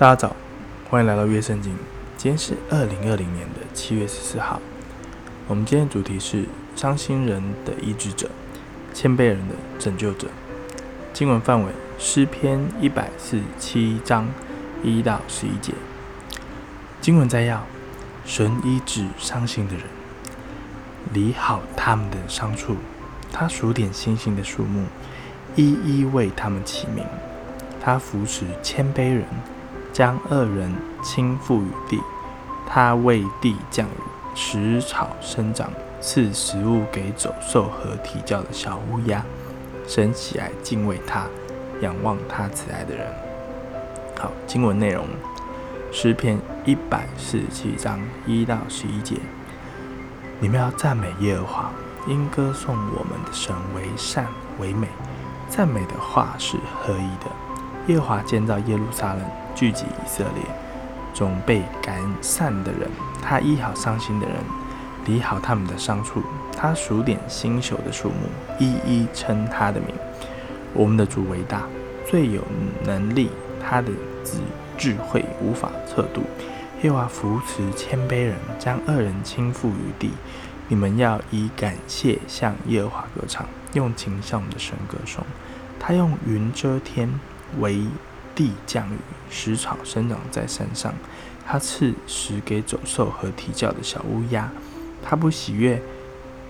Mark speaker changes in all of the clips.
Speaker 1: 大家早，歡迎來到樂聖經。今天是二零二零年的七月十四號。我們今天的主題是傷心人的醫治者，謙卑人的拯救者。經文範圍詩篇一百四十七章一到十一節。經文摘要：神醫治傷心的人，裹好他們的傷處。他數點星星的數目，一一為它們起名。他扶持謙卑人。將惡人傾覆於地，他為地降雨，使草生長，賜食物給走獸和啼叫的小烏鴉。神喜愛敬畏他，仰望他慈愛的人。好，經文內容，詩篇一百四十七章一到十一節，你們要讚美耶和華，因歌頌我們的神為善為美。讚美的話是合宜的。耶和華建造耶路撒冷，聚集以色列，總被感恩善的人。他醫好傷心的人，裹好他們的傷處。他數點星宿的數目，一一稱他的名。我們的主偉大，最有能力，他的智智慧無法測度。耶和華扶持謙卑人，將惡人傾覆於地。你們要以感謝向耶和華歌唱，用琴向我們的神歌頌。他用雲遮天。為地降雨，使草生長在山上。他賜食給走獸和啼叫的小烏鴉。他不喜悅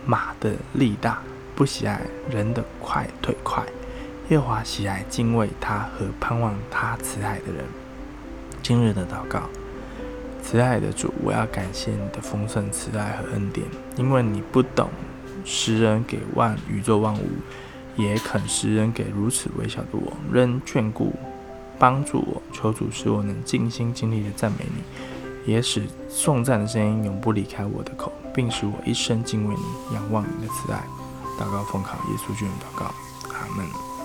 Speaker 1: 馬的力大，不喜愛人的快腿快。耶和華喜愛敬畏他和盼望他慈愛的人。今日的禱告：慈愛的主，我要感謝你的豐盛慈愛和恩典，因為你不懂食人給萬宇宙萬物。也肯施恩給如此微小的我，仍眷顧、幫助我。求主使我能盡心盡力地讚美你，也使頌讚的聲音永不離開我的口，並使我一生敬畏你、仰望你的慈愛。禱告奉靠耶穌基督禱告，阿門。